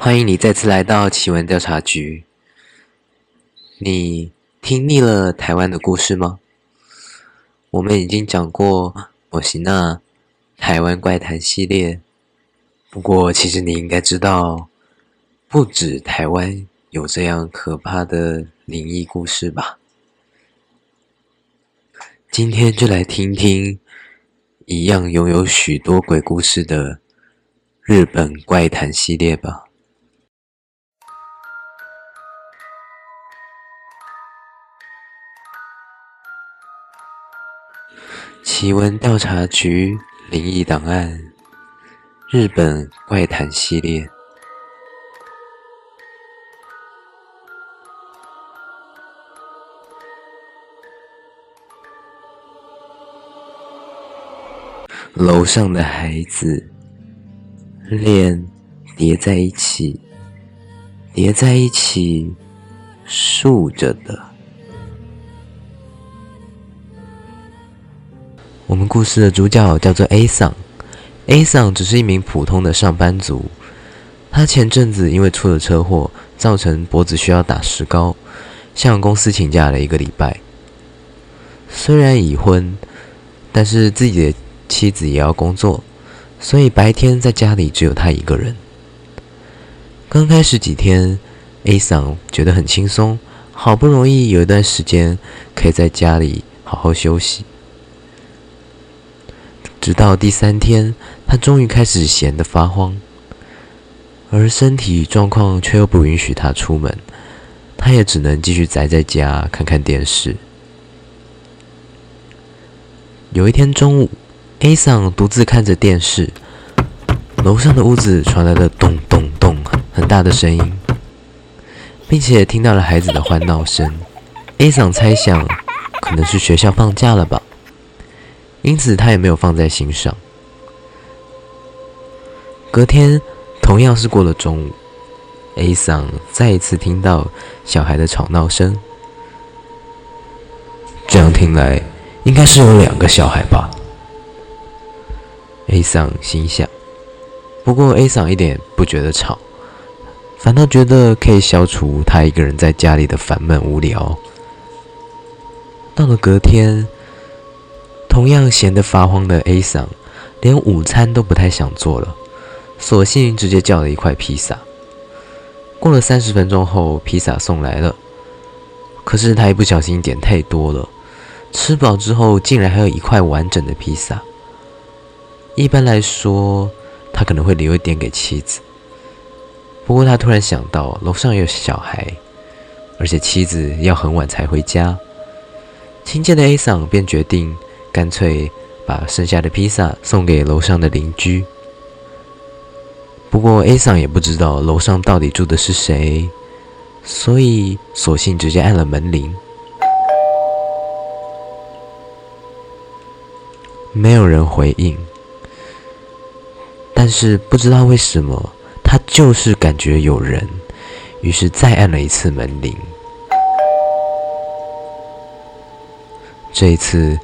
歡迎你再次來到奇聞調查局。你聽膩了台灣的故事嗎？我們已經講過《我行那台灣怪談》系列，不過其實你應該知道，不止台灣有這樣可怕的靈異故事吧？今天就來聽聽一樣擁有許多鬼故事的日本怪談系列吧。奇聞調查局靈異檔案，日本怪談系列。樓上的孩子，臉疊在一起，疊在一起，豎着的。我們故事的主角叫做 A 桑，A 桑只是一名普通的上班族。他前陣子因為出了車禍，造成脖子需要打石膏，向公司請假了一個禮拜。雖然已婚，但是自己的妻子也要工作，所以白天在家裡只有他一個人。剛開始幾天，A 桑覺得很輕鬆，好不容易有一段時間可以在家裡好好休息。直到第三天，他終於開始閒得發慌，而身體狀況卻又不允許他出門，他也只能繼續宅在家看看電視。有一天中午，A 桑獨自看着電視，樓上的屋子傳來了咚咚咚咚很大的聲音，並且聽到了孩子的歡鬧聲。A 桑猜想，可能是學校放假了吧。因此，他也沒有放在心上。隔天同樣是過了中午，A 桑再一次聽到小孩的吵鬧聲。這樣聽來，應該是有兩個小孩吧？A 桑心想。不過，A 桑一點不覺得吵，反倒覺得可以消除他一個人在家裡的煩悶無聊。到了隔天。同樣閒得發慌的 A 桑，連午餐都不太想做了，索性直接叫了一塊披薩。過了三十分鐘後，披薩送來了。可是他一不小心點太多了，吃飽之後竟然還有一塊完整的披薩。一般來說，他可能會留一點給妻子。不過他突然想到，樓上也有小孩，而且妻子要很晚才回家。親切的 A 桑便決定。乾脆把剩下的披薩送給樓上的鄰居。不過 A 桑也不知道樓上到底住的是誰，所以索性直接按了門鈴。沒有人回應，但是不知道為什麼，他就是感覺有人，於是再按了一次門鈴。這一次。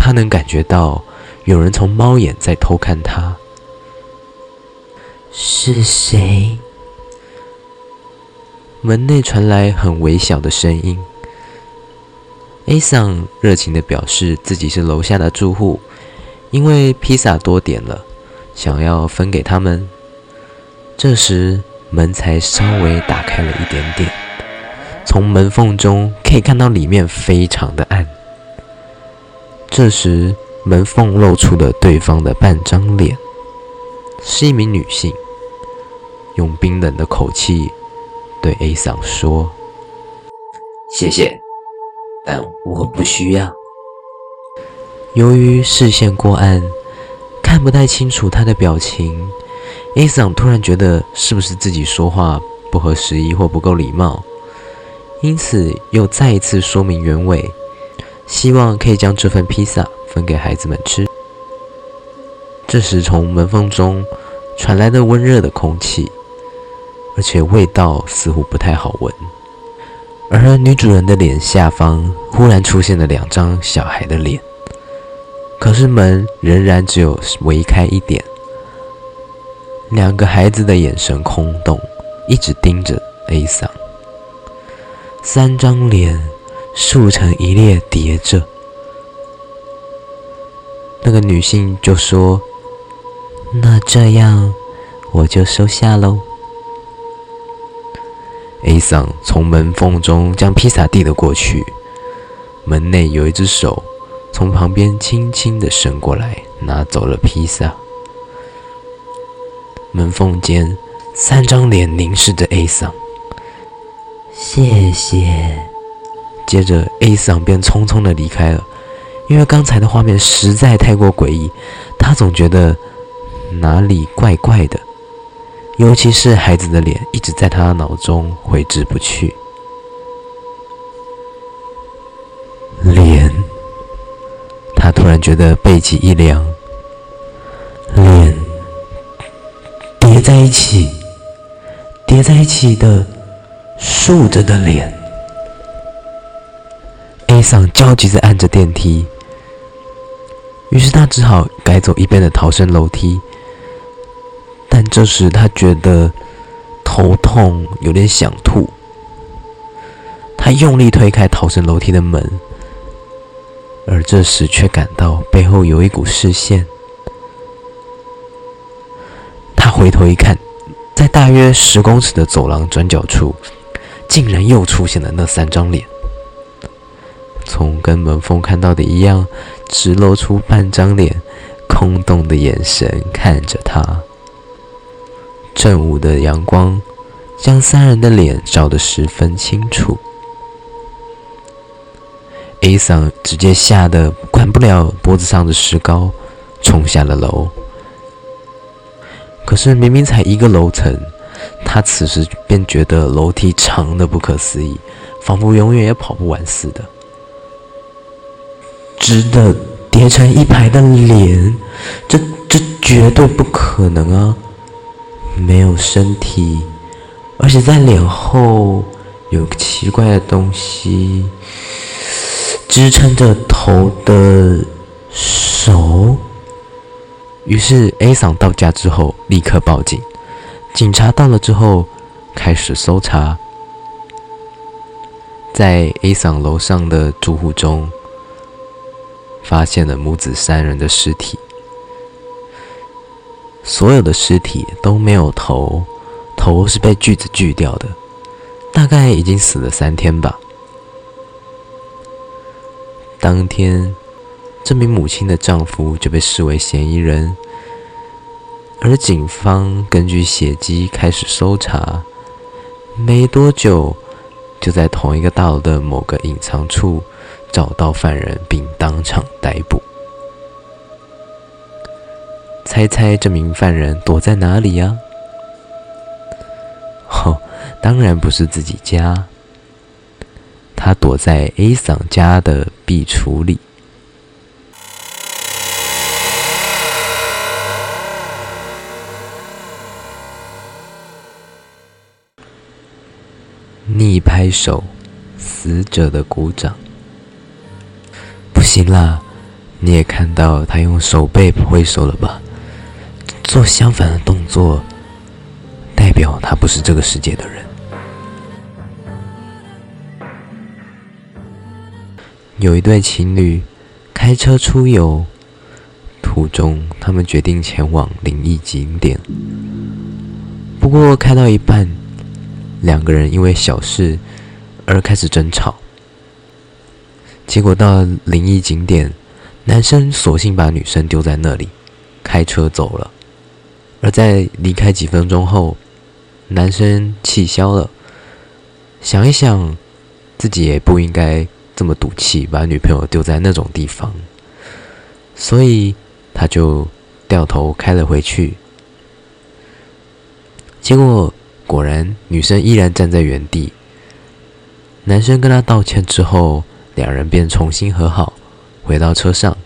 他能感覺到有人從貓眼在偷看他，是誰誰？門內傳來很微小的聲音。A-san 熱情地表示自己是樓下的住戶，因為披薩多點了，想要分給他們。這時門才稍微打開了一點點，從門縫中可以看到裡面非常的暗。這時，門縫露出了對方的半張臉，是一名女性，用冰冷的口氣對 A 桑說：“謝謝，但我不需要。”由於視線過暗，看不太清楚她的表情，A 桑突然覺得是不是自己說話不合時宜或不夠禮貌，因此又再一次說明原委。希望可以將這份披薩分給孩子們吃。這時，從門縫中傳來的溫熱的空氣，而且味道似乎不太好聞。而女主人的臉下方忽然出現了兩張小孩的臉，可是門仍然只有微開一點。兩個孩子的眼神空洞，一直盯着 A 桑。三張臉。豎成一列疊着，那個女性就說：“那這樣，我就收下嘍。”A 桑從門縫中將披薩遞了過去，門內有一隻手從旁邊輕輕的伸過來拿走了披薩。門縫間三張臉凝視着 A 桑，謝謝。接着，A 桑便匆匆的離開了，因為剛才的畫面實在太過詭異，他總覺得哪裡怪怪的，尤其是孩子的臉一直在他的腦中揮之不去。臉，他突然覺得背脊一涼。臉，疊在一起，疊在一起的，豎着的臉。黑桑焦急的按着電梯，於是他只好改走一邊的逃生樓梯。但這時他覺得頭痛，有點想吐。他用力推開逃生樓梯的門，而這時卻感到背後有一股視線。他回頭一看，在大約十公尺的走廊轉角處，竟然又出現了那三張臉。從跟門縫看到的一樣，只露出半張臉，空洞的眼神看着他。正午的陽光將三人的臉照得十分清楚。A 桑直接嚇得管不了脖子上的石膏，衝下了樓。可是明明才一個樓層，他此時便覺得樓梯長得不可思議，仿佛永遠也跑不完似的。直的疊成一排的臉，這這絕對不可能啊！沒有身體，而且在臉後有個奇怪的東西支撐着頭的手。於是 A 桑到家之後立刻報警，警察到了之後開始搜查，在 A 桑樓上的住戶中，發現了母子三人的屍體，所有的屍體都沒有頭，頭是被鋸子鋸掉的，大概已經死了三天吧。當天，這名母親的丈夫就被視為嫌疑人，而警方根據血跡開始搜查，沒多久，就在同一個大樓的某個隱藏處。找到犯人並當場逮捕。猜猜這名犯人躲在哪裡呀、啊？哦，當然不是自己家，他躲在 A 桑家的壁櫥裡。逆拍手，死者的鼓掌。不行啦，你也看到他用手背揮手了吧？做相反的動作，代表他不是這個世界的人。有一對情侶開車出遊，途中他們決定前往靈異景點。不過開到一半，兩個人因為小事而開始爭吵。結果到了靈異景點，男生索性把女生丟在那裡，開車走了。而在離開幾分鐘後，男生氣消了，想一想，自己也不應該這麼賭氣，把女朋友丟在那種地方，所以他就掉頭開了回去。結果果然，女生依然站在原地。男生跟她道歉之後。兩人便重新和好，回到車上。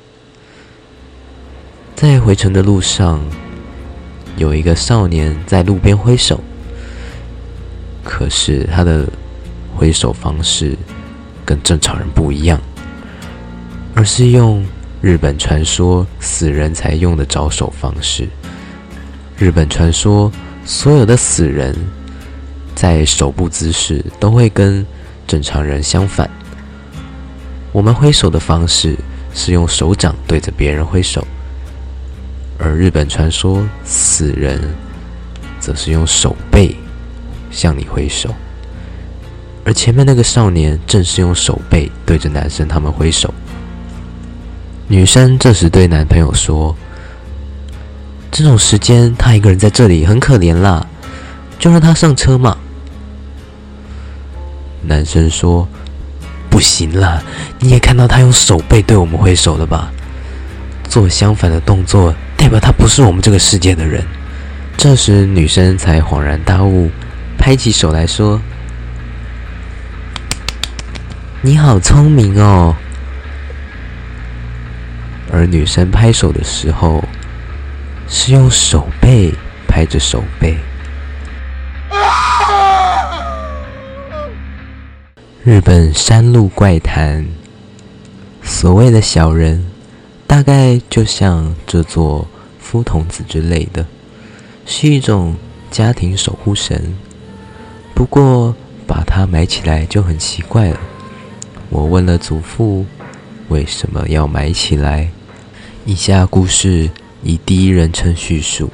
在回程的路上，有一個少年在路邊揮手，可是他的揮手方式跟正常人不一樣，而是用日本傳說死人才用的招手方式。日本傳說，所有的死人在手部姿勢都會跟正常人相反。我們揮手的方式是用手掌對着別人揮手，而日本傳說死人則是用手背向你揮手，而前面那個少年正是用手背對着男生他們揮手。女生這時對男朋友說：“這種時間他一個人在這裡很可憐啦，就讓他上車嘛。”男生說：不行了，你也看到他用手背對我們揮手了吧？做相反的動作，代表他不是我們這個世界的人。這時女生才恍然大悟，拍起手來說：“你好聰明哦！”而女生拍手的時候，是用手背拍着手背。日本山路怪談，所謂的小人，大概就像這座敷童子之類的，是一種家庭守護神。不過把它埋起來就很奇怪了。我問了祖父，為什麼要埋起來？以下故事以第一人稱敘述。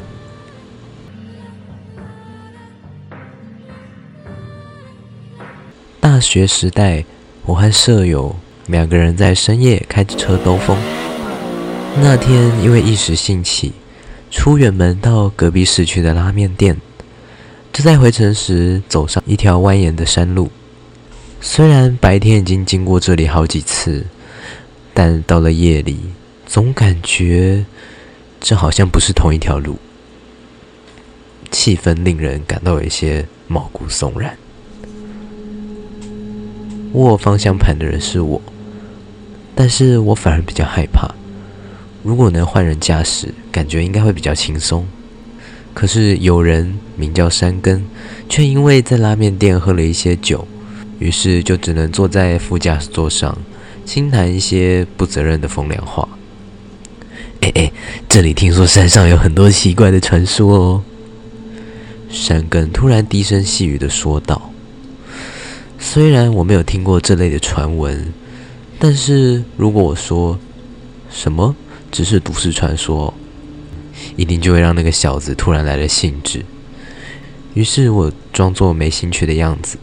大學時代，我和舍友兩個人在深夜開着車兜風。那天因為一時興起，出遠門到隔壁市區的拉麵店。就在回程時，走上一條蜿蜒的山路。雖然白天已經經過這裡好幾次，但到了夜裡，總感覺這好像不是同一條路，氣氛令人感到有一些毛骨悚然。握方向盤的人是我，但是我反而比較害怕。如果能換人駕駛，感覺應該會比較輕鬆。可是有人名叫山根，卻因為在拉麵店喝了一些酒，於是就只能坐在副駕駛座上，輕談一些不責任的風涼話。哎、欸、哎、欸，這裡聽說山上有很多奇怪的傳說哦。山根突然低聲細語地說道。雖然我沒有聽過這類的傳聞，但是如果我說什麼只是都市傳說，一定就會讓那個小子突然來了興致。於是我裝作沒興趣的樣子，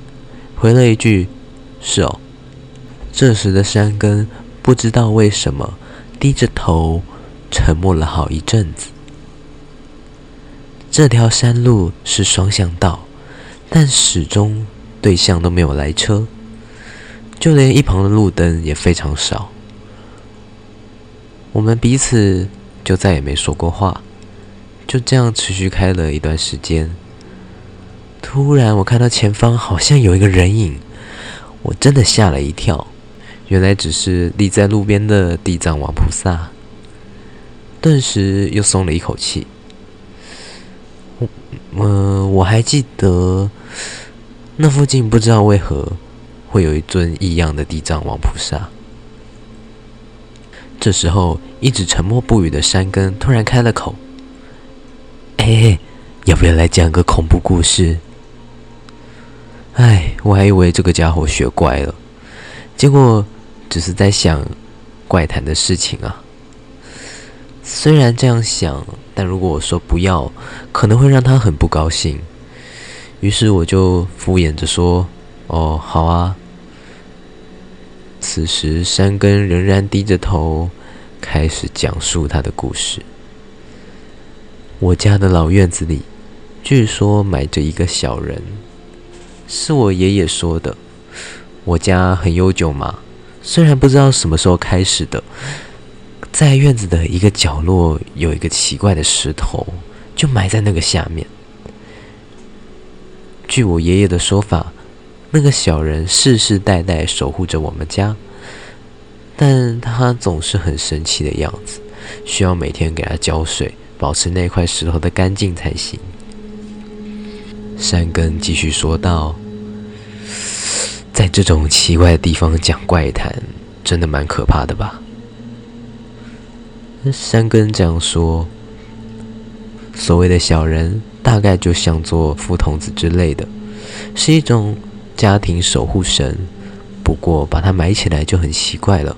回了一句：“是哦。”這時的山根不知道為什麼低着頭，沉默了好一陣子。這條山路是雙向道，但始終。對向都沒有來車，就連一旁的路燈也非常少。我們彼此就再也沒說過話，就這樣持續開了一段時間。突然，我看到前方好像有一個人影，我真的嚇了一跳。原來只是立在路邊的地藏王菩薩，頓時又鬆了一口氣。我……嗯、呃，我還記得。那附近不知道為何會有一尊異樣的地藏王菩薩。這時候，一直沉默不語的山根突然開了口：“嘿嘿，要不要來講個恐怖故事？”哎，我還以為這個傢伙學乖了，結果只是在想怪談的事情啊。雖然這樣想，但如果我說不要，可能會讓他很不高興。於是我就敷衍着說：“哦，好啊。”此時山根仍然低着頭，開始講述他的故事。我家的老院子裡，據說埋着一個小人，是我爺爺說的。我家很悠久嘛，雖然不知道什麼時候開始的，在院子的一個角落有一個奇怪的石頭，就埋在那個下面。據我爺爺的說法，那個小人世世代代守護着我們家，但他總是很神奇的樣子，需要每天給他澆水，保持那塊石頭的乾淨才行。山根繼續說道：“在這種奇怪的地方講怪談，真的蠻可怕的吧？”山根這樣說。所謂的小人，大概就像座敷童子之類的，是一種家庭守護神。不過把它埋起來就很奇怪了。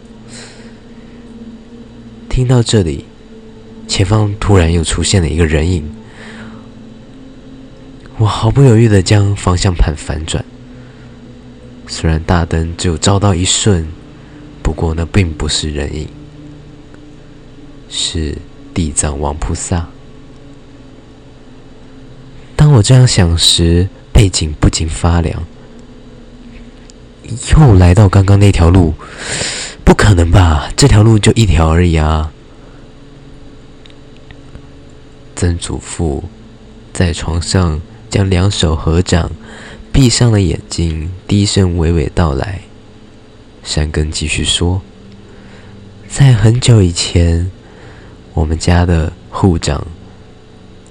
聽到這裡，前方突然又出現了一個人影。我毫不猶豫地將方向盤反轉。雖然大燈只有照到一瞬，不過那並不是人影，是地藏王菩薩。當我這樣想時，背脊不禁發涼。又來到剛剛那條路，不可能吧？這條路就一條而已啊！曾祖父在床上將兩手合掌，閉上了眼睛，低聲娓娓道來。山根繼續說：“在很久以前，我們家的戶長。”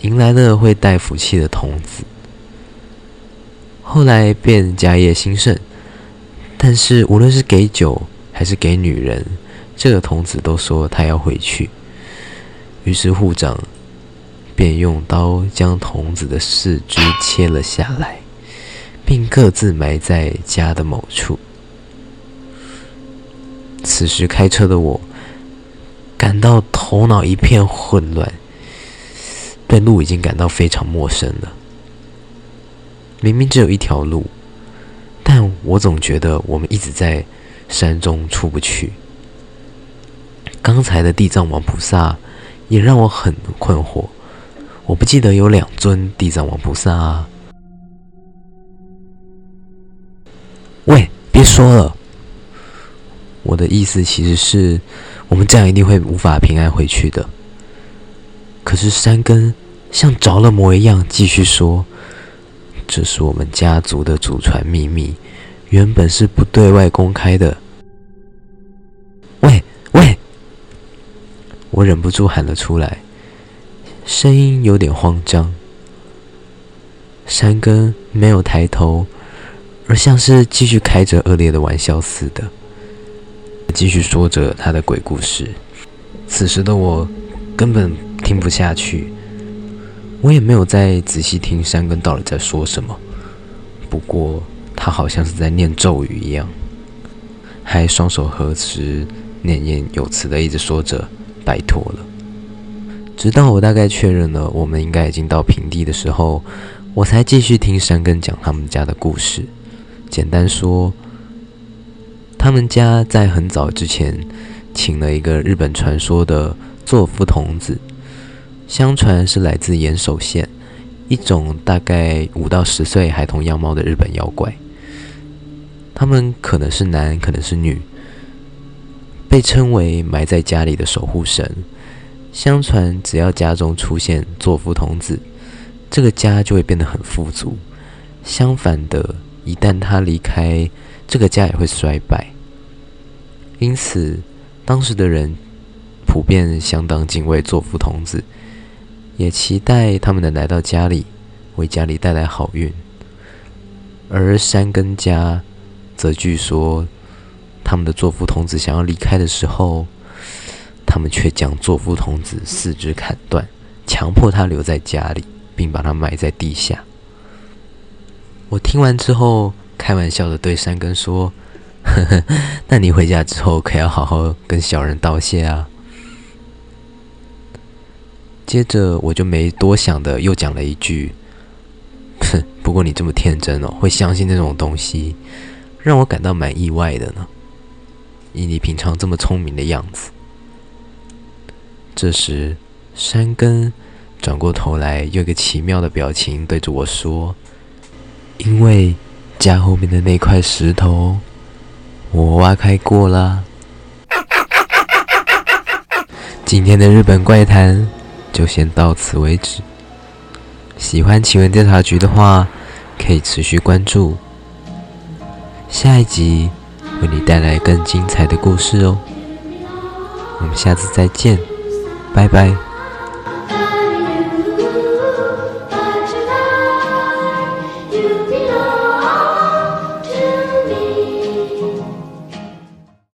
迎來了會帶福氣的童子，後來便家業興盛。但是無論是給酒還是給女人，這個童子都說他要回去。於是護長便用刀將童子的四肢切了下來，並各自埋在家的某處。此時開車的我感到頭腦一片混亂。對路已經感到非常陌生了。明明只有一條路，但我總覺得我們一直在山中出不去。剛才的地藏王菩薩也讓我很困惑。我不記得有兩尊地藏王菩薩啊。喂，別說了。我的意思其實是我們這樣一定會無法平安回去的。可是山根像着了魔一樣，繼續說：“這是我們家族的祖傳秘密，原本是不對外公開的。”喂喂！我忍不住喊了出來，聲音有點慌張。山根沒有抬頭，而像是繼續開着惡劣的玩笑似的，繼續說着他的鬼故事。此時的我根本……聽不下去，我也沒有再仔細聽山根到底在說什麼。不過他好像是在念咒語一樣，還雙手合十，念念有詞的一直說着“拜託了”。直到我大概確認了我們應該已經到平地的時候，我才繼續聽山根講他們家的故事。簡單說，他們家在很早之前請了一個日本傳說的座敷童子。相傳是來自岩手縣，一種大概五到十歲孩童樣貌的日本妖怪。他們可能是男，可能是女，被稱為埋在家裡的守護神。相傳只要家中出現座敷童子，這個家就會變得很富足。相反的，一旦他離開，這個家也會衰敗。因此，當時的人普遍相當敬畏座敷童子。也期待他們能來到家裡，為家裡帶來好運。而山根家則據說，他們的座敷童子想要離開的時候，他們卻將座敷童子四肢砍斷，強迫他留在家裡，並把他埋在地下。我聽完之後，開玩笑的對山根說：“呵呵，那你回家之後可要好好跟小人道謝啊。”接着我就沒多想的，又講了一句：“哼，不過你這麼天真哦，會相信那種東西，讓我感到蠻意外的呢。以你平常這麼聰明的樣子。”這時山根轉過頭來，有一個奇妙的表情，對着我說：“因為家後面的那塊石頭，我挖開過了。”今天的日本怪談就先到此為止。喜歡奇聞調查局的話，可以持續關注，下一集為你帶來更精彩的故事哦。我們下次再見，拜拜。